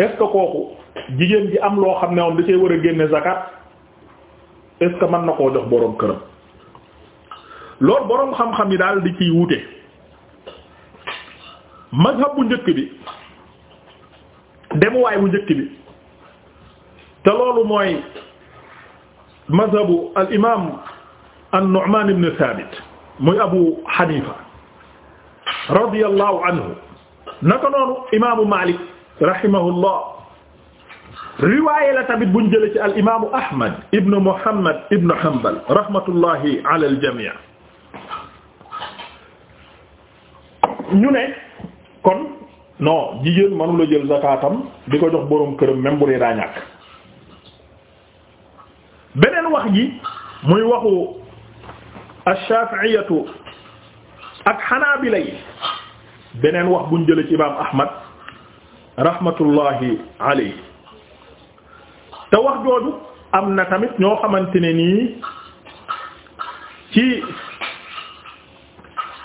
est-ce kooku jigéen ji am loo xam ne moom da war a génne zakat est-ce na koo jox boroom këram lool boroom xam-xam yi daal di ciy wuute mazhab mu njëkk bi demuwaay bu njëkk bi te loolu mooy mazhabu al imaam an-Nu'man ibn Thabit muy Abu Hanifa radiyallahu anhu naka imaamu Malik rahimahullah riwaaye la tamit buñ jëlee ci al imaamu Ahmad ibn Muhammad ibn Hanbal rahmatullahi ala al jamii ñu ne kon non jigéen mënula jël zakaatam di ko jox boroom këram même bu dee daa ñàkk beneen wax ji muy waxu ash-Shafi'iyyatu ak Hanabila yi beneen wax buñ jëlee ci imaam Ahmad rahmatullahi alayhi te wax jooju am na tamit ñoo xamante ne nii ci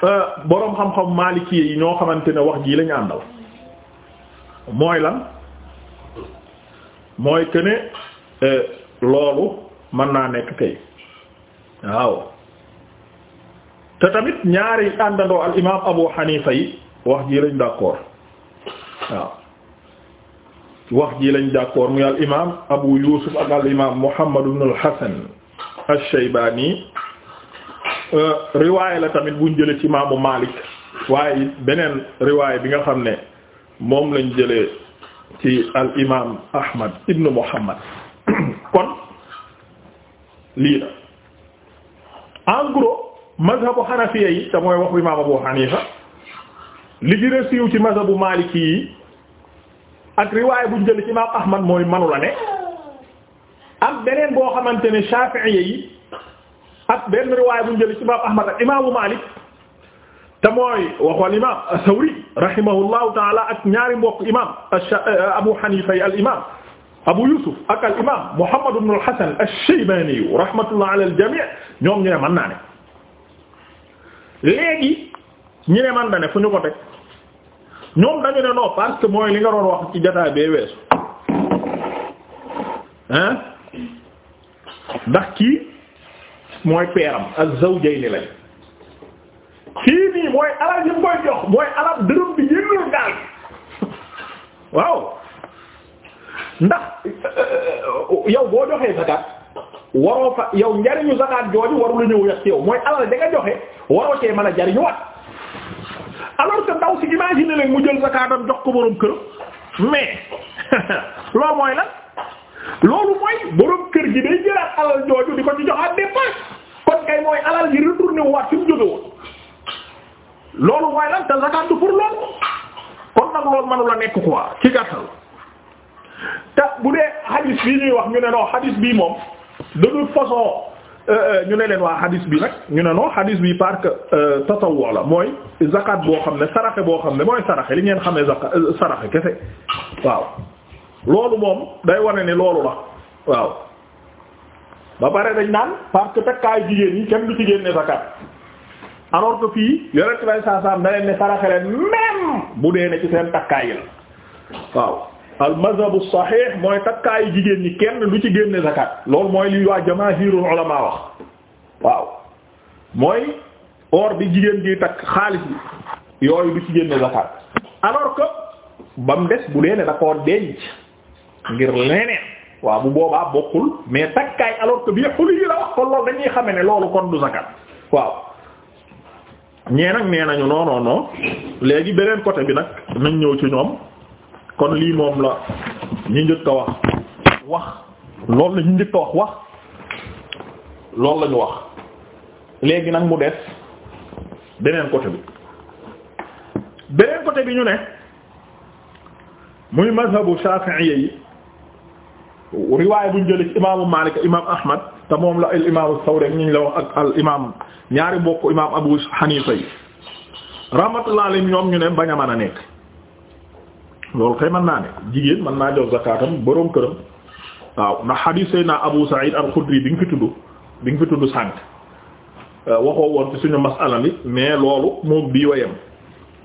euh, boroom xam-xam maliki yi ñoo xamante ne wax jii la àndal mooy lan mooy que ne euh, loolu mën naa nekk kay waaw te tamit ñaari àndandoo al imaam Abu Hanifa yi wax jii lañ d'accord waaw wax ji lañ d'accord muy al imaam Abu Yusuf ak al imaam Muhammad ibn al Hasan ash la tamit buñ jëlee ci maamu Malik waaye beneen riwaay bi nga xam ne moom lañ jëlee ci al imaam Ahmad ibn Muhammad kon lii la en mazhabu Hanafiya yi te mooy waxu imaam Abu Hanifa li gën siiw ci mazhabu Maliki yi. ak riwaay buñ jël ci imaam Ahmad mooy manu la ne am beneen boo xamante ne Shafi'i yi ak benn riwaay buñ ci imaam Ahmad ak imaamu Malik te mooy waxoon imaam As-Sawri rahimahullahu taala ak ñaari mbokk imaam euh, Abu Hanifa yi al imaam Abu Yusuf ak al imaam Muhammad ibn hasan Ash-Shaybani rahmatullah ala al-jami' ñoom ñu ne mën naa ne léegi ñu ne man da ne fu ñu ko teg. ñoom dañu ne non parce que mooy li nga doon wax ci jotaay bee weesu hein ndax kii mooy peeram ak zawjayni lañ kii nii mooy alal yi mu koy jox mooy alal dërëm bi yëngal daal waaw ndax euh, yow boo joxee zakat waroo fa yow njariñu zakat jooju waru la ñëw yàq yow mooy alal da nga joxe waroo cee mën a jariñu wat alors que ndaw si imaginer leen mu jël zakaatam jox ko borom kër mais loolu mooy lan kër gi day di ko ci joxaat dépense kon kay alal ji retourné waat fi mu jóge woon loolu mooy lan te zakaat du pour loolu kon nag loolu manu la nekk quoi ci gàttal te bu dee hadis bii ñuy wax ñu ne non hadis bii moom dañuy toute façon. Euh, euh, ñu ne leen waa hadis bi nag ñu ne non hadis bi parce que euh, tatawwu la mooy zakat boo xam ne saraxe boo xam ne mooy saraxe li ngeen xam ne zakat saraxe kese waaw loolu moom day wane ni loolu la waaw ba pare dañ naan parce que takkaayu jigéen ñi kenn du ci génne zakat alors que fii yore ci lay saa leen ne saraxe leen même bu dee ne ci seen takkaay la waaw. al mazhabu sahih mooy takkaayu jigéen ñi kenn lu ci génne zakat loolu mooy li waa jamaahirul ulama wax waaw mooy or bi jigéen gi takk xaalis bi yooyu du ci génne zakat alors que ba mu des bu leenee ne da koo denc ngir leneen waaw bu boobaa bokkul mais takkaay alors que bii xuli yi la wax kon loolu dañuy xame ne loolu kon du zakat waaw ñee nag nee nañu non non léegi beneen côté bi nag nañ ñëw ci ñoom. kon lii moom la ñu njëkk a wax wax loolu la ñu njëkk a wax wax loolu la wax léegi nag mu des beneen côté bi beneen côté bi ñu ne muy mazhabu shafi'i yi riwaay buñ jëlee ci imaamu Maalik imaam Ahmad te moom la al imaamu Sawri ñu la wax ak al imaam ñaari mbokk imaam Abu Hanifa yi rahmatullah alayhi ñoom ñu ne bañ a mën a nekk. loolu kay mën naa ne jigéen mën naa jox zakaatam boroom këram waaw ndax xadiis Seydina Abu Sa'id al-Khudri bi nga fi tudd bi nga fi tudd sànq euh, waxoo woon ci suñu masala mi mais loolu moom bii wayam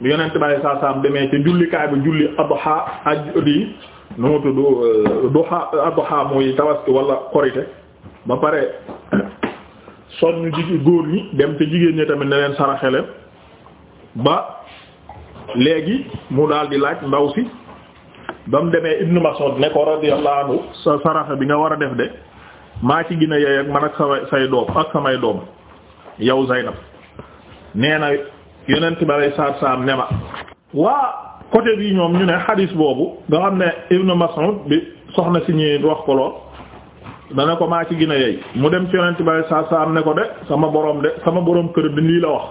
bi yonent bàyyi saa saam demee ca jullikaay bi julli adha aj di nu mu tudd euh, duha adha muy tabaski wala korite ba pare soññ góor ñi dem te jigéen ñi tamit ne leen saraxele ba léegi mu daal di laaj ndaw si ba mu demee Ibnu Mas'ud ne ko radiyallahu anhu sa saraxa bi nga war a def de maa ci gina yeey ak man ak samay say doom ak samay doom yow Zaynab nee na yonent ba lay saar ne ma waa côté bi ñoom ñu ne xadis boobu nga xam ne Ibnu Mas'ud bi soxna si ñuy wax ko lool dana ko maa ci gina yeey mu dem ci yonent ba lay saar ne ko de sama boroom de sama boroom kër bi lii la wax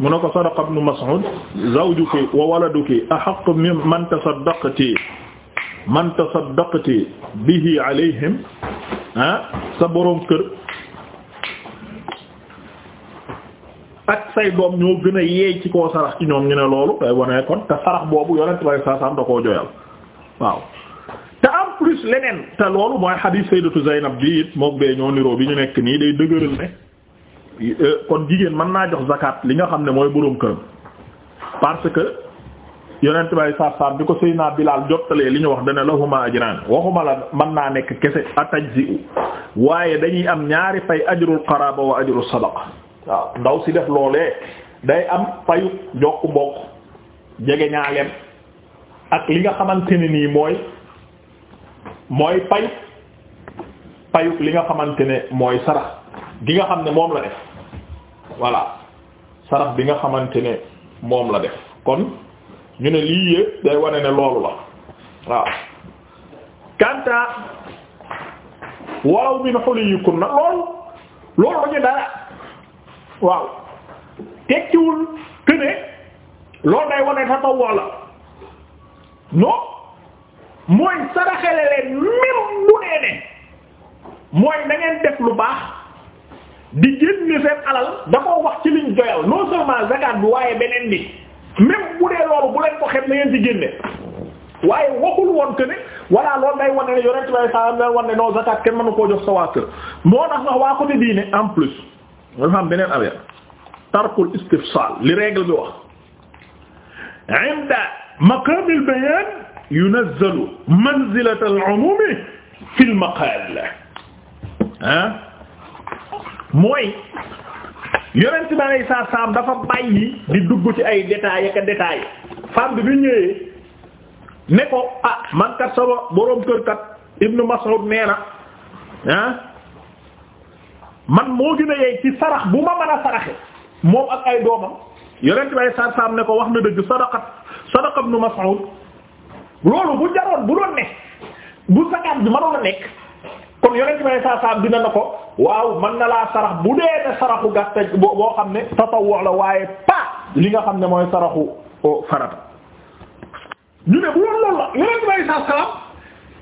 mu ne ko sadaqa ibnu Mas'ud zawjuki wa waladuki ahaqqu mimman tasaddaqti man ci man tasaddaqti bihi alayhim ah sa boroom kër ak say doom ñoo gën a yeey ci koo sarax ci ñoom ñu ne loolu day wane kon te sarax boobu yonent bay saasaam da koo joyal waaw te en plus leneen te loolu mooy xadiis sayyidatu Zaynab bi it mook bee ñoo niroo bi ñu nekk nii day dëgëral ne Euh, kon jigéen mën naa jox zakat li nga xam ne mooy boroom këram parce que yonent bay saab bi ko bi Bilaal jottalee li ñu wax dana lahuma ajran waxuma la mën naa nekk kese atajzi waaye dañuy am ñaari fay ajrul qaraba wa ajrul sadaqa waaw ndaw si def loolee day am payu jokk mbokk jege ñaaleem ak li nga xamante ne nii mooy mooy pay payu li nga xamante ne mooy sarax gi nga xam ne moom la def voilà sarax bi nga xamante ne moom la def kon ñu ne lii yëpp day wane ne loolu la waaw kanta walaw min huliykunna loolu loolu la ñu dara waaw tekkiwul que loolu day wane tatawwu la non mooy saraxele leen même bu nee ne mooy da ngeen lu baax di génne seen alal da koo ci liñ doyal non seulement zakat bi waaye beneen bi même bu dee loolu bu leen ko xet na ngeen ci génne waaye waxul woon que ne voilà loolu day wane ne yonent bay sa day wane ne non zakat kenn mënu koo jox sa waa kër moo tax wax waa côté diine en plus dafa am beneen affaire tarkul istifsal li règle bi wax inda maqam al bayan ma manzilata al umumi fi al maqal ah mooy yonent bi alayhi salaam dafa bàyyi di dugg ci ay détails ak détails femme bi bu ñëwee ne ko ah man kat sama boroom kër kat Ibnu Mas'ud nee na ah, man moo gën a yeey ci sarax bu ma mën a saraxe moom ak ay doomam yonent bi alayhi salaam ne ko wax na dëgg sadaqat sadaqa Ibnu Mas'ud loolu bu jaroon bu doon ne bu sakaat bi mënoon a nekk. kon yonent may saa dina na ko waaw mën na laa sarax bu dee ne saraxu gàtt boo xam ne tatawwu la waaye pas li nga xam ne mooy saraxu farata ñu ne bu loolu la yonent may saa saam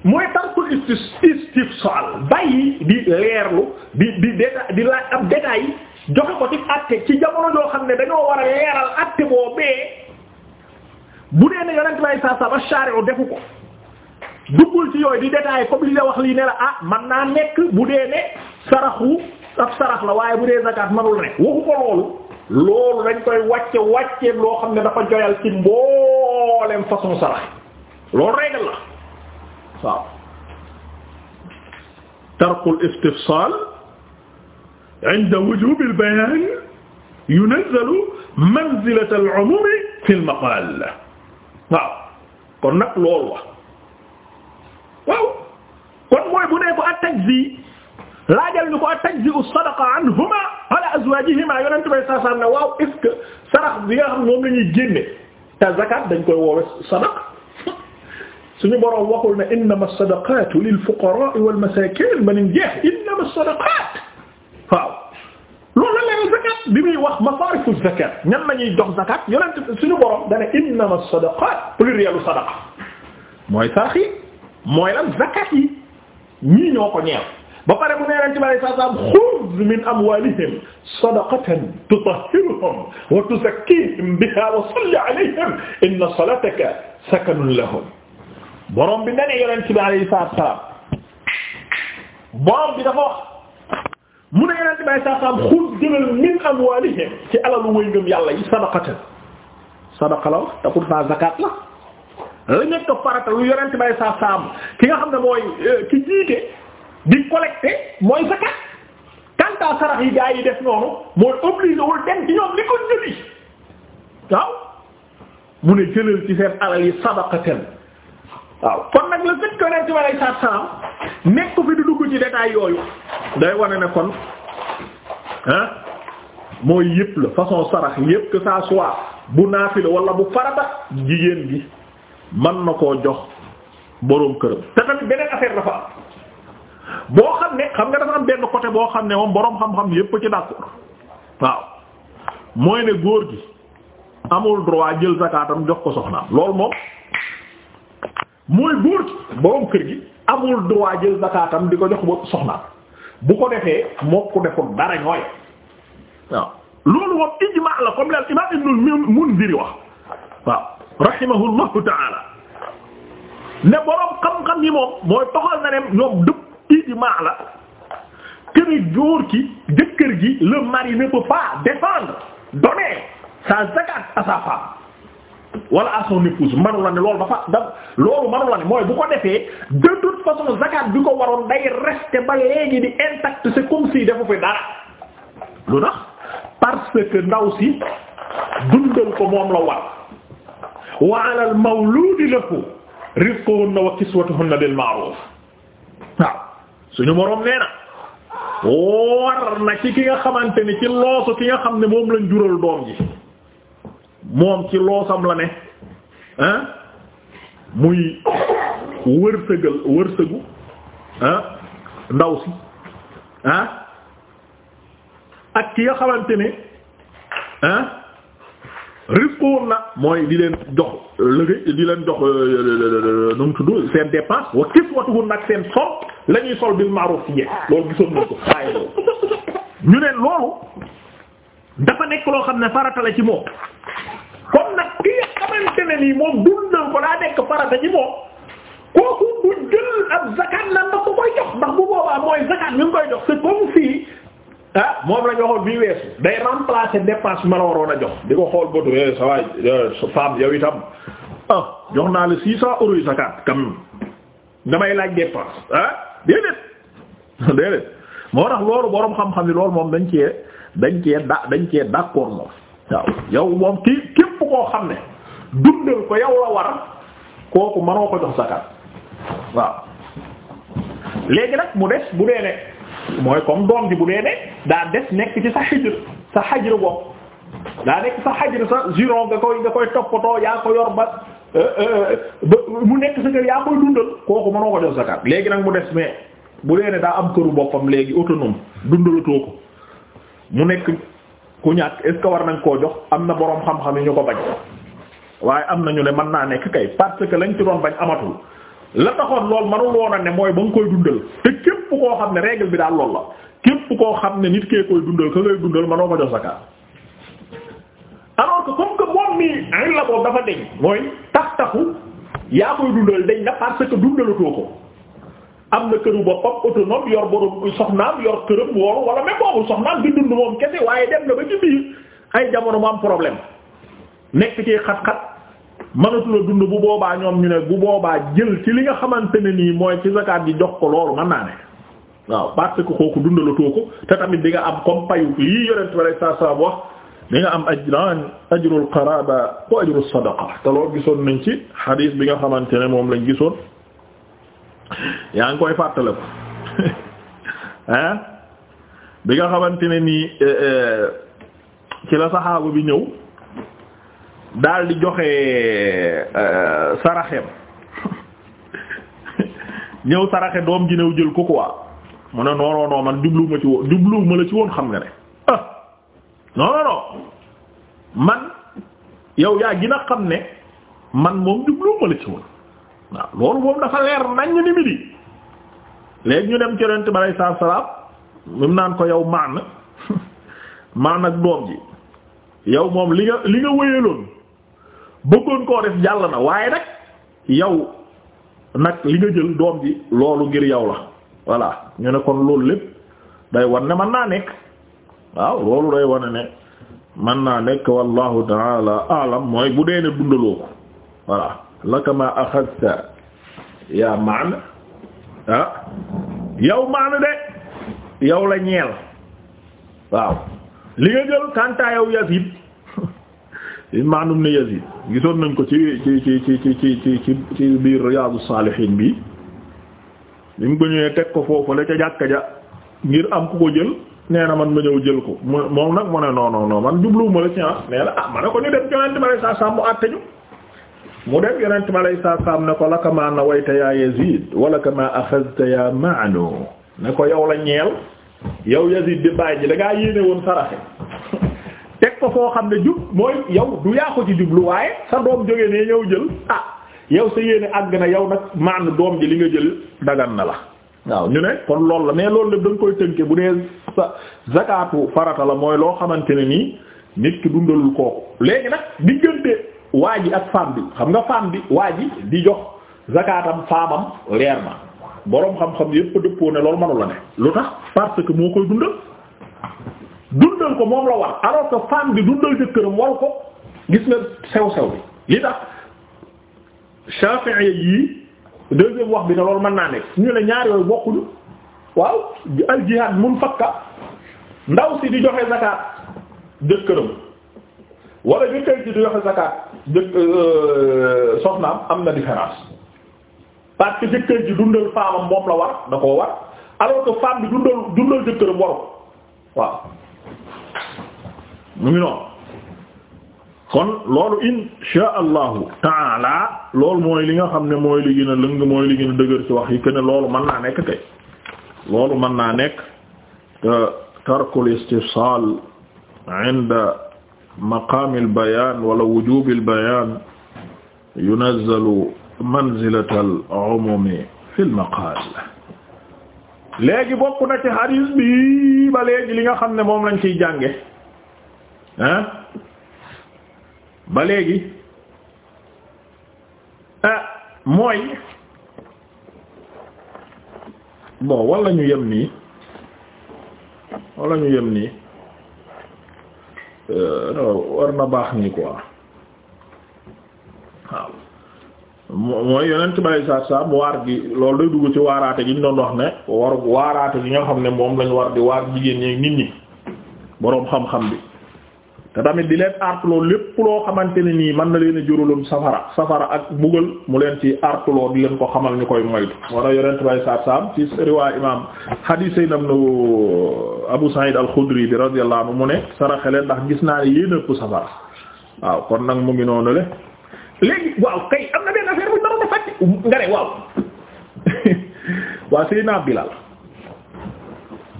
mooy tarkul istif istifsal bàyyi di leerlu di di déta di laaj ab détail joxe ko ci àtte ci jamono joo xam ne dañoo war a leeral àtte boo bu dee ne yonent may saa saam defu ko duggul ci yooyu di détaillé comme li la wax li ne la ah man naa nekk bu dee ne saraxu ab sarax la waaye bu dee zakat manul ne waxu ko loolu loolu dañ koy wàcce wàcce loo xam ne dafa joyal ci mbooleem façon sarax loolu régal la waaw tarkul istifsal inda wujub al bayan yunazzalu manzilat al umum kon nag loolu la waaw kon mooy bu ne ko at-tajzi laajal ñu ko at-tajzi as-sadaqa anhuma ala azwajihima yonent bay saa ne waaw est ce que sarax bi nga xam moom la ñuy génne te zakat dañ koy woowe sadaqa suñu boroom waxul ne innama as-sadaqatu lil fuqara wal masakin man jeex innama as-sadaqat waaw loolu la leen zakat bi muy wax masarifu la ñuy jox zakat yonent suñu boroom dana innama as-sadaqat plurielu sadaqa mooy sarax mooy lan zakat yi ñii ñoo ko ñeel ba pare bu nee leen ci bari saa saa xuz min amwalihim sadaqatan tutahhiruhum wa tuzakkihim biha wa salli alayhim inna salataka sakanun lahum borom bi nee yonent bi alayhi salaatu salaam borom bi dafa wax mu ne yonent bi alayhi salaatu salaam xuz jëlal min amwalihim ci alalu way ngëm yàlla yi sadaqatan sadaqa la wax te pourtant zakat la. la nekk farata lu yorente bay sa saam ki nga xam ne mooy euh, ki jiite di collecté mooy zakat kanta sarax yi gaa yi def noonu mooy obligé wul dem ci ñoom li ko jëli waaw mu ne jëlal ci seen alal yi sadaqatan waaw kon nag la fekk yorente bay sa saam nekk fi di dugg ci détail yooyu day wane ne kon ah mooy yëpp la façon sarax yëpp que ça soit bu naafila wala bu farata jigéen gi man na koo jox boroom këram te tamit beneen affaire dafa am boo xam ne xam nga dafa am benn côté boo xam ne moom boroom xam-xam yëpp ci d'accord waaw mooy ne góor gi amul droit jël zakaatam jox ko soxnaam loolu moom mooy góor gi boroom kër gi amul droit jël zakaatam di ko jox ba soxnaam bu ko defee moo ko defoon dara ñooy waaw loolu moom ijmaa la comme l'imam Ibnul Mundiri wax waaw rahimahullahu ta'ala ne borom xam-xam yi moom mooy toxal na ne ñoom dëpp kii di maa la këri jóor ki jëkkër gi le mari ne peut pas défendre donner sa zakat à sa femme wala à son ne loolu dafa da loolu manu ne mooy bu ko defee de toute façon zakat bi ko waroon day rester ba léegi di intact c'est comme si fi dara lu tax parce que ndaw si dundal ko moom la war wa ala al mawludi lahu rizquhunna wa kiswatuhunna bil ma'ruf waaw suñu moroom nee na war na ci ki nga xamante ni ci loosu ki nga xam ne moom lañ jural doom ji moom ci loosam la ne ah muy wërsëgal wërsëgu ah ndaw si ah ak ki nga xamante ne ah na mooy di leen jox euh, liggéey di leen jox euh, euh, nu mu tudd seen dépense wa kiswatuhunna nag seen sol la ñuy sol bil ma'ruf ci njëkk loolu gisoon nañ ko waaye loolu ñu ne loolu dafa nekk loo xam ne farata la ci moom kon nag ki nga xamante ne nii moom dundal ko daa nekk farata ci moom kooku bu jël ab zakat lan la ko koy jox ndax bu boobaa mooy zakat ñu ngi koy jox c'est comme fii ah moom la ñu waxoon bii weesu day remplacer dépense bi ma la waroon a jox di ko xool bët yooyu sa waay sa femme yow itam ah jox naa la six cent euros yi sa kaat quand même damay laaj dépense ah déedéet déedéet moo tax loolu borom xam-xam yi loolu moom dañ cee dañ cee da dañ cee d'accord moom waaw yow moom kii képp koo xam ne dundal ko yow la war kooku mënoo ko jox sa kaat waaw léegi nag mu des bu dee ne. mooy comme doom bi bu nee ne daa des nekk ci sa xijr sa xajr bopp daa nekk sa xajr sa giron nga koy nga koy toppatoo yaa ko yor ba euh, euh, ba mu nekk sa kër yaa koy dundal kooku mënoo ko jox zakat léegi nag mu des mais bu dee daa am këru boppam léegi autonome dundalatoo ko mu nekk ku ñàkk est ce que war nañ koo jox am na boroom xam-xam yi ñu ko bañ waaye am na ñu ne mën naa nekk kay parce que lañ ci doon bañ amatul. la taxoon lool manul ne mooy ba nga koy dundal te képp koo xam ne règle bi daal lool la képp koo xam ne nit kee koy dundal ka ngay dundal manoo ko jox zakat alors que comme moom mi ay la boobu dafa deñ mooy tax taxu yaa koy dundal dañ na parce que dundalatoo ko am na këru boppam autonome yor borom soxnaam yor këram woolu wala même boobu soxnaam di dund moom kese waaye dem na ba ci biir ay jamono mu am problème nekk ci xat-xat mënatula dund bu boobaa ñoom ñu ne bu boobaa jël ci li nga xamante ne nii mooy ci zakaat ji jox ko loolu mën naa ne waaw parce que kooku dundalatoo ko te tamit di nga am comme payu lii yonent bi sa salaam wax di nga am ajran ajrul qaraba wa ajrul sadaqa te loolu gisoon nañ ci xadiis bi nga xamante ne moom lañ gisoon yaa ngi koy fàttale ko ah bi nga xamante ne nii eh, eh, ci la saxaabu bi ñëw daal di joxe euh, saraxem ñëw saraxe doom ji ñëw jël ko quoi mu ne non non man jubluwuma ci la ci woon xam nga ne ah man yow yaa gën xam ne man moom jubluwuma la ci woon waaw loolu moom dafa leer naññ ni mi léegi ñu dem ci Yonent bi alayhi salaatu mu naan ko yow maan maan ak doom ji yow moom li nga li nga wéyaloon. bëggoon koo def jàll na waaye nag yow nag li nga jël doom ji loolu ngir yow la voilà ñu ne kon loolu lépp day war ne mën naa nekk waaw loolu day war ne mën naa nekk wallahu taala alam mooy bu dee ne dundaloo ko voilà laka ma axadta yaa maan ah yow maan de yow la ñeel waaw li nga jël kanta yow Yazid Imam Ibn Yazid gisoon nañ ko ci ci ci ci ci ci biir Riyadou Salihine bi bi mu ko ñëwee teg ko foofu la ca jàkka ja ngir am ku ko jël nee na man ma ñëw jël ko mu moom nag mu ne non man jubluwuma la ci ah nee na ah ma ne ko ñu dem Yonent ma lay saa saam mu àtte ñu mu dem Yonent ma lay saa ne ko laka maa nawayta yaa Yazid wa laka maa yaa Ma'nu ne ko yow la ñeel yow Yazid di bàyyi ji da woon saraxe. teg ko koo xam ne jub mooy yow du yaa ko ci jublu waaye sa doom jógee ne ñëw jël ah yow sa yéene àgg na yow nag maan doom ji li nga jël dagan na la waaw ñu ne kon loolu la mais loolu lépp da nga koy tënke bu dee sa zakatu farata la mooy loo xamante ne nii nit ki dundalul kooku léegi nag diggante waa ji ak femme bi xam nga femme bi waa ji di jox zakatam faamam leer na boroom xam-xam yépp dëppoo ne loolu mënu la ne lu tax parce que moo koy dundal dundal ko moom la war alors que femme bi dundal jëkkëram war ko gis nga sew sew bi li tax Shafi'i yi deuxième wax bi na loolu man naa nekk ñu ne ñaar yooyu bokkuñu waaw al jihad mun fakka ndaw si di joxe zakat jëkkëram walla jëkkër si di joxe zakat jëkk euh, soxnaam am na différence parce que jëkkër ji dundal faamam moom la war da koo war alors que femme bi dundal dundal jëkkëram waru waaw mu ngi noonu kon loolu insha allahu taala loolu mooy li nga xam ne mooy li gën a lëng mooy li gën a dëgër ci wax yi que loolu mën naa nekk kay loolu mën naa nekk tarkul istifsal inda maqaamil bayaan wala wujubil bayaan yunazzalu manzilatal umumi fil maqaal léegi bokk na ci hadis ba léegi li nga xam ne moom lañ ciy jànge ah ba léegi ah, mooy bon war lañu yem nii wala ñu yem nii euh, war na baax nii ko waaw mooy yeneen bari saa saa mu waar gi loolu day dugg ci waaraate gi ñu doon wax ne war waaraate gi nga xam ne moom lañu war di waar jigéen ñi nit boroom xam-xam bi te tamit di leen artloo lépp loo xamante ne nii mën na leen a juraloon safara safara ak mbugal mu leen ci artloo di leen ko xamal ni koy moytu moo tax yonent bay saab saab ci riwaay imam hadis say nam nu Abu Sa'id al-Khudri bi radiyallahu anhu mu ne saraxe ndax gis naa ne yéen ëpp safara waaw kon nag mu ngi noonu le léegi waaw kay am na benn affaire bu dara na fàtte nga ne waaw waa Seydina Bilal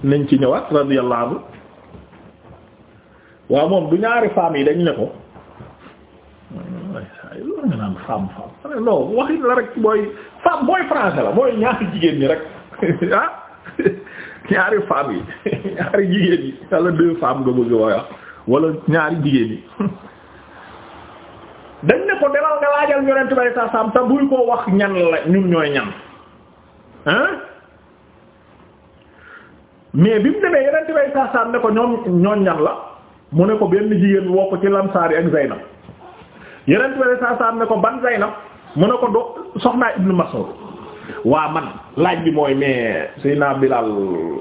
nañ ci ñëwaat radiyallahu anhu waaw moom du ñaari femmes yi dañ ne ko loolu nga la rek mooy femme mooy français la mooy ñaari jigéen ñi rek ah ñaari femmes yi ñaari jigéen yi wala deux femmes nga bëgg wooya wala ñaari jigéen yi dañ ne ko demal nga laajal yonent bay sa sam te buy koo wax ñan la ñun ñooy ñan ah mais bi mu demee yonent bay sa sam ne ko ñoom ñoon ñan la mu ne ko benn jigéen woo ko ci lamsaar yi ak Zaynab yeneen tubaab saa saa ne ko ban Zaynab mu ne ko do soxnaa Ibnu Mas'ud waa man laaj bi mooy mais Seydina Bilal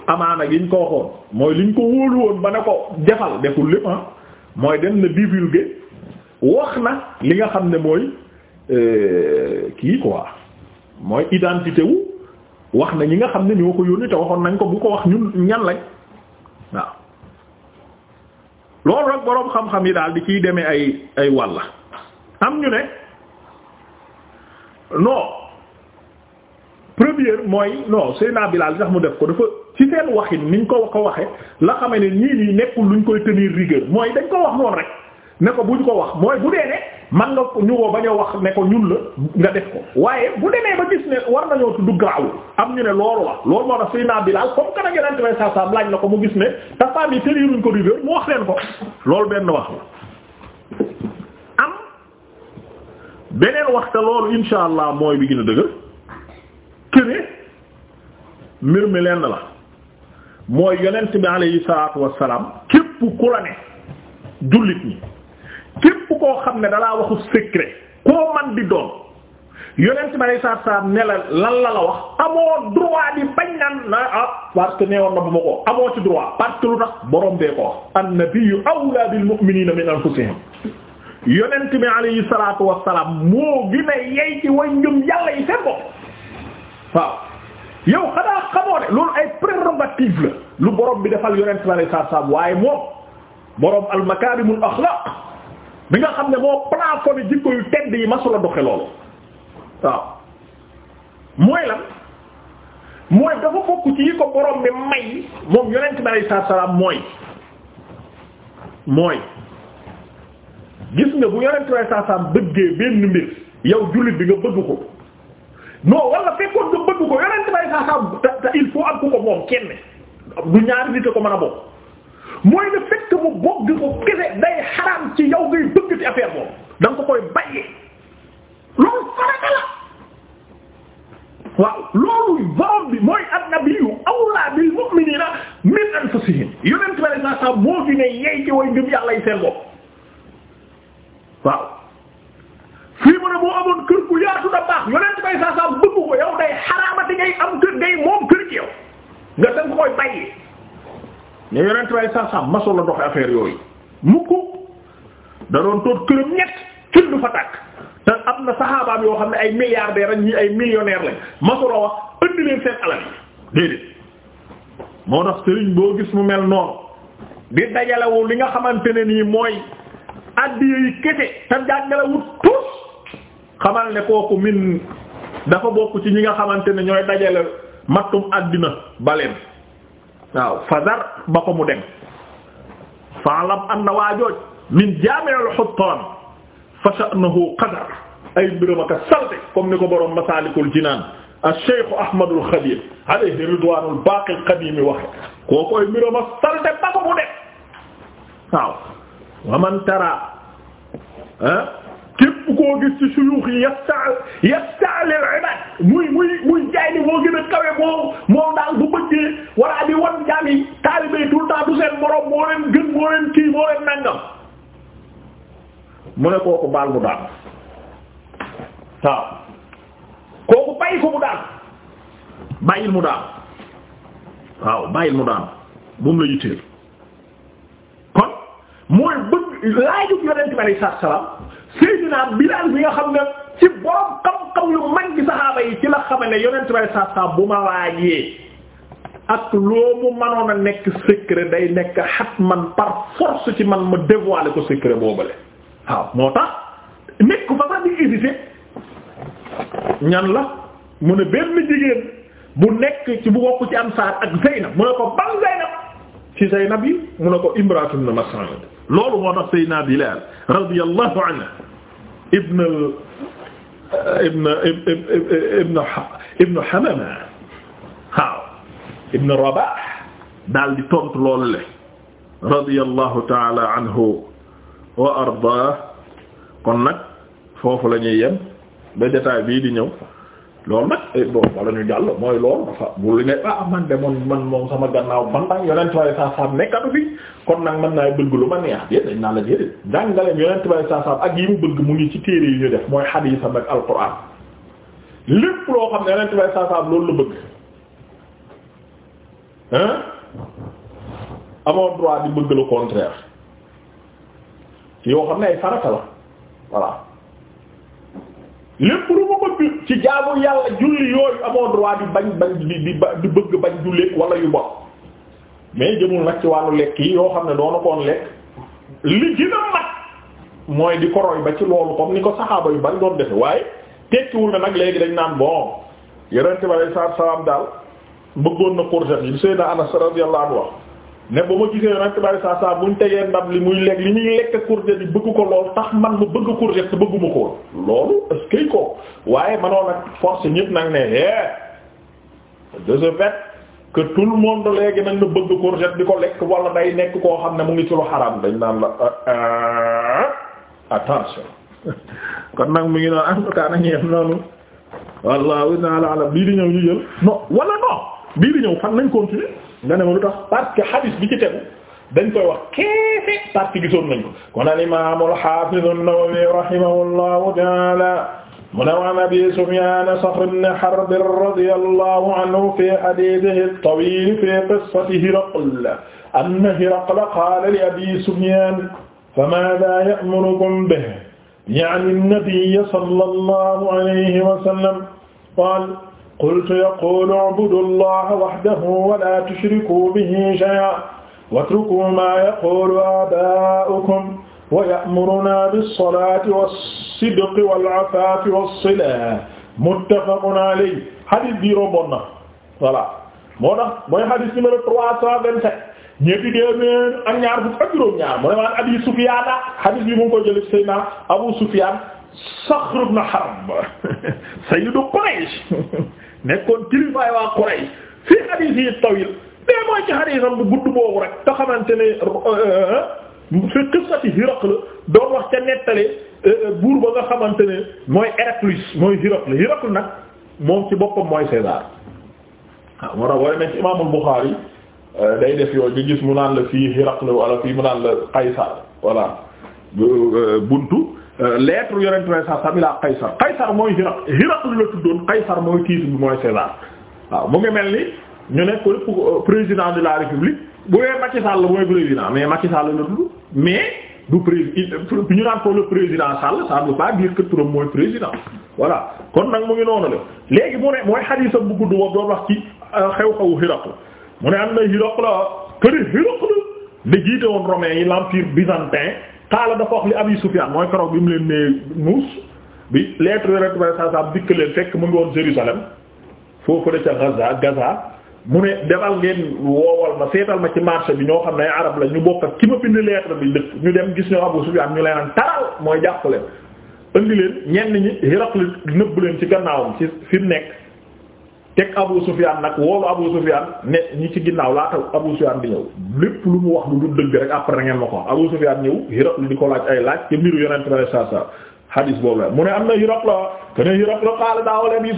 amaana gi ñu ko waxoon mooy li ñu ko wóolu woon ba ne ko defal deful lépp ah mooy dem na divulguer wax na li nga xam ne mooy euh, kii quoi mooy identité wu wax na ñi nga xam ne ñoo ko yónni te waxoon nañ ko bu ko wax ñu ñan lañ waaw. loolu rek boroom xam-xam yi daal di ciy demee ay ay wàlla am ñu ne non première mooy non Seydina Bilaal li tax mu def ko dafa ci seen waxin ñu ko ko waxee la xamee ne ñii nii nekkul luñ koy tenir rigueur mooy dañ ko wax noonu rek ne ko bu ñu ko wax mooy bu dee ne man nga ñu woo ba a wax ne ko ñun la nga def ko waaye bu demee ba gis ne war nañoo tudd garaawul am ñu ne loolu la loolu moo tax Seydina Bilaal comme que na Yonent bi saa saa laaj la ko mu gis ne tafaam yi tëriiruñ ko rigueur mu wax leen ko loolu benn wax la am beneen wax te loolu insha allah mooy bi gën a dëgër këne mbir mi lenn la mooy Yonent bi alayhi salaatu salaam képp ku la ne jullit ñi képp koo xam ne dalaa waxu secret koo man di doon yonent bi alay saatu salaam ne lan la la wax amoo droit di bañ naan na ah, parce que neewoon na bu ma ko amoo ci droit parce que lu tax borom bee ko wax annabiyyu awlaa bil mu'miniina min anfusihim yonent bi alayhi salaatu moo gën a yey ci way yàlla yi seen bopp waaw yow xanaa xamoo ne loolu ay prérogative la lu borom bi defal yonent bi alay saatu salaam waaye moom borom al makaarimul bi nga xam ne moo plafonné jikko yu tedd yi masula doxe loolu waaw mooy lan mooy dafa bokk ci yi ko borom bi may moom yonent bi alayhi salaam mooy mooy gis nga bu yonent bi alayhi salaam bëggee benn mbir yow jullit bi nga bëgg ko non wala fekkoon nga bëgg ko yonent bi alayhi salaam te il faut am ku ko moom kenn du ñaari nit ko mën a bokk mooy le fait que mu bëgg ko kese day xaraam ci yow ngay bëgg ci affaire boobu da nga ko koy bàyyee loolu farata waaw loolu borom bi mooy annabiyu awla bil mu'minina min anfusihim yonent mu ne boo amoon kër ku yaatu yonent bari saa saa bëgg ko yow day xaraamati ngay am kër ngay moom kër ci yow nga danga ko koy bàyyee ne yonent bay sarsam maso a doxe affaire yooyu mukk da doon toog këram ñett cin du fa tàkk te am na saxaabaam yoo xam ne ay milliardaires ak ñi ay millionnaires lañ maso la wax indi leen seen alal yi déedéet moo tax sëriñ boo gis mu mel noonu di dajalewu li nga xamante ne nii mooy addiya yi kese te jàngalewut tous xamal ne kooku min dafa bokk ci ñi nga xamante ne ñooy dajale mattum àddina baleen waaw fadar ba ko mu dem faalam anna waa jooj min jaami'il huttan fa sha'nuhu qadar ay mbiram ak salte comme ni ko borom Masaalikul Jinaan as-Cheikh Ahmadul Xadim alayhi ridwaanul baaqil qadiim waxe kooku ay mbiram ak salte ba ko mu dem waaw wa man tara ha ah, koo gis ci suyuux yi yasta yastaalil ibaad muy muy muy jaay ni moo gën a kawe moo moo daal bu bëggee walla di wan jaam yi taalibee tout le temps seen morom moo leen gën moo leen kii moo leen nangam mu ne kooku baal mu daal waaw kooku bàyyi ko mu daal bàyyil mu daal waaw bàyyil mu daal bu mu la yitteel kon mooy bëgg laajug yonent bi alayhi salaam Seydina Bilaal bi nga xam ne ci borom xam-xam yu mag saxaaba yi ci la xamee ne yonent bay saa saa bu ma waajee ak loo mu manoon a nekk secret day nekk xat man par force ci man ma dévoiler ko secret boobale waaw moo tax nekk fa sax di hésiter ñan la mu ne benn jigéen bu nekk ci bu bokk ci am saar ak Zeynab mu ne ko ban Zeynab ci Zaynab yi mu ne ko imratun Mas'ud loolu moo tax Seydina Bilal radiyallahu anhu ibn ibn ibn ibn Hamama waaw ibn Rabah daal di tontu loolu le radiyallahu ta'ala anhu wa ardaah kon nag foofu la ñuy yem ba jotaay bii di ñëw loolu nag eh, bon wala ñu jàll mooy loolu dafa bul ne ah man de man man moom sama gannaaw man nag yonent bay saa saam nekkatu fi kon nag mën naa bëgg lu ma neex dée dañ naa la jéedé jàngaleem yonent bay saa ak yi mu bëgg mu ngi ci téere yi ñu def mooy xadiisam ak alquran lépp loo xam ne yonent bay saa saam loolu la bëgg hein amoo droit di bëgg le contraire yoo xam ne ay farata la voilà lépp lu mu ci jaamu yàlla julli yooyu amoo droit di bañ bañ di di di bëgg bañ du lekk wala yu bon mais jëmul nag ci wàllu lekk yi yoo xam ne doona koon lekk li gën a mat mooy di ko ba ci loolu comme ni ko saxaaba yu bari doon defe waaye tekkiwul na nag léegi dañ naan bon yonent bi alayhi salaam daal bëggoon na courgette yi Seydina Anas radiyallahu anhu ne ba ma gisee yonent bari saa saa buñ tegee ndab li muy lekk li ñuy lekk courgette di bëgg ko lool tax man mu bëgg courgette te bëgguma ko loolu est-ce ko waaye manoon nag force ñëpp nag ne hee eh, de ce fait que tout le monde léegi nag na bëgg courgette di ko lekk wala day nekk koo xam ne mu ngi ci lu xaraam dañ naan la ah, ah, attention kon nag mu ngi noonu en tout cas noonu wallahu ta'ala bii di ñëw ñu jël nañ continuer nga ne ma lu tax parce que xadis bi ci tegu dañ koy wax keefe parce que gisoon nañ ko kon al imam al hafiz an-Nawawi rahimahullahu ta'ala mu ne wa an abi Sufyan Saxr ibn Harb radiyallahu anhu fi hadithihi at-tawil fi qissati Hiraql anna Hiraqla qala li abi Sufyan famadha ya'murukum bihi ya'ni an-nabiy sallallahu alayhi wa sallam qala qultu yaqulu ubudu allaha wahdahu wa la tushrikuu bihi shay'an watrukuu maa yaqulu aabaa'ukum wa ya'muruna bis-salaati was-sidqi wal-'afaafi was-silati muttafaqun alayhi hadith bi romboon na voilà moo tax mooy hadith numéro 327 ñetti téeméer ak ñaar fukk ak juróom-ñaar mu ne maan Abi Sufyaan hadith bi mu ngi ko jëlee Seydina Abu Sufyaan Saxr ibn Harb sayyidu Quraysh nekkoon kilifaay waa Quraysh fii hadith yi tawil mais mooy ci haditham bu gudd boobu rek te xamante ne euh, euh, fi qissati Hiraql doon wax ca nettali euh, buur ba nga xamante ne mooy Héraclius mooy Hiraql Hiraql nag moom ci boppam mooy César waaw ah, moo tax wooy nañ ci Imaamul Buxaari day def yooyu nga gis mu naan la fii Hiraql wala fii mu naan la Qaysar voilà buntu Euh, lettre yonent way sa sabila Qaysar Qaysar mooy Hiraq Hiraq lu la tuddoon Qaysar mooy titre bi mooy César waaw mu ngi mel ni ñu nekk euh, président de la République bu dee Macky Sall mooy président mais Macky Sall la tudd mais du président euh, ñu naan ko le président Sall ça veut pas dire que turam mooy président voilà kon nag mu ngi noonu la léegi mu ne mooy xadiisam bu gudd boobu doon wax ci xew-xewu Hiraq mu ne am na Hiraq la këri Hiraq la da jiite woon yi l'empire xaala dafa wax li Abi Sufyaan mooy keroog bi mu leen nee muus bi lettre yonent ba saa saa dikk leen fekk mu ngi woon Jérusalem foofu la ca Gaza Gaza mu ne demal ngeen woowal ma seetal ma ci marché bi ñoo xam ne arab la ñu bokk ak ki ma bind lettre bi dëkk ñu dem gis ñoo Abu Sufyaan ñu leen taral mooy jàpp leen indi leen ñenn ñi Hiraql nëbb leen ci gannaawam ci fi mu nekk teg Abu Sufyan nag woolu Abu Sufyan ne ñi ci ginnaaw laata Abu Sufyan di ñëw lépp lu mu wax lu du dëgg rek après ko wax Abu Sufyan ñëw Hiraql di ko laaj na Hiraql te ne Hiraql qaala daaw mi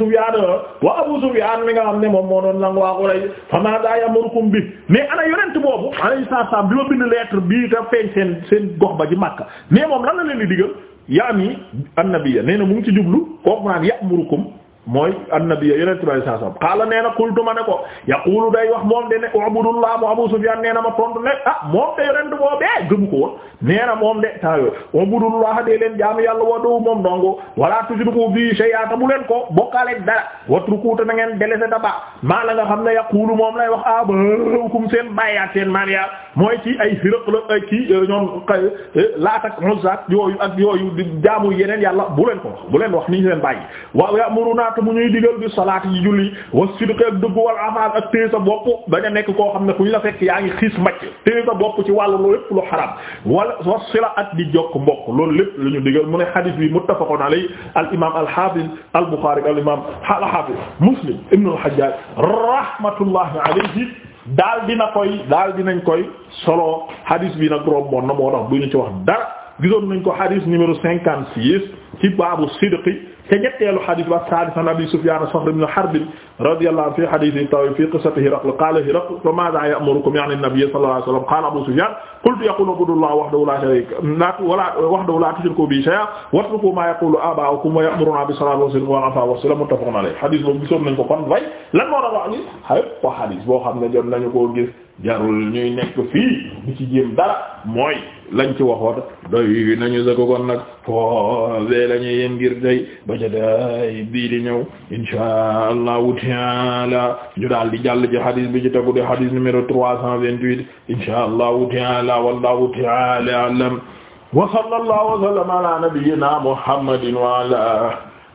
nga xam ne moom moo doon nangu waa Quraysh fa maa daa yamurukum bi mais ana yonent boobu alayhi salaam bi ma bind lettre bii te feeñ seen gox ba ji Makka mais moom lan la leen di digal yaa nii annabiya nee na mu ngi ci jublu kooku naan ya'murukum mooy annabi yonent bi saa soxam xaala nee na qultu ma ne ko yaqulu day wax moom de ne ubudullah a Abu Sufyan nee na ma tontu ne ah moom de yonent boo bee gëmu ko woon neena moom de tayo wa budullah de leen jaamu yàlla wa doo moom dongo wala tushriku bi shay'an bu leen ko bokkaale dara watruku na ngeen delese daba maa la nga xam ne yaqulu moom lay wax abaakum seen bàyyaat seen maam yaa mooy ci ay firaq la ay kii euh, ñoom euh, Laat ak Uzza yooyu ak yooyu di jaamu yeneen yàlla bu leen ko bu leen wax ni seen bàyyi wa ya'muruna mu ñuy digal bi salaat yi julli wa sidqi ak dëgg wal amal ak téye nekk koo xam ne kuñ la yaa ngi xiis macc téye sa bopp ci wàllu lépp lu wa sila ak di jokk mbokk loolu lépp la ñu digal mu ne xadis bi muttafaqun alayhi al imam al hafiz al bukhari al imam al hafiz muslim ibn al hajjaj rahmatullahi alayhi daal dina koy daal dinañ koy solo xadis bi nag romboon na moo tax bu ñu ci wax dara gisoon nañ ko xadis numéro cinquante six ci baabu sidqi te ñetteelu xadis ba sadis an abi sufyan saxr ibn harb radiyallahu anhu fi xadisi tawi fi qissati hiraql qala hiraql fa madha ya'murukum ya'ni an-nabiy sallallahu alayhi wasallam qala abu sufyan qultu yaqulu ubudullaha wahdahu la sharika lahu wahdahu la tushriku bihi shay'an watruku ma yaqulu aba'ukum wa ya'muruna bis salati wal sidqi wal afafi was salam muttafaqun alayh xadis boobu gisoon nañ ko kon way lan moo doon wax ni xëpp xadis boo xam ne jot nañu ko gis jarul ñuy nekk fii di ci jéem dara mooy lañ ci waxoon doy nañu sa ko kon nag foofee la ñuy yem ngir day ba ca day bii di ñëw insha allahu taala ñu daal di jàll ci hadis bi ci tegu di hadis numéro trois cent vingt-huit insha allahu taala wallahu taala alam wa sallallahu wa sallama ala nabiyyina muhammadin wa ala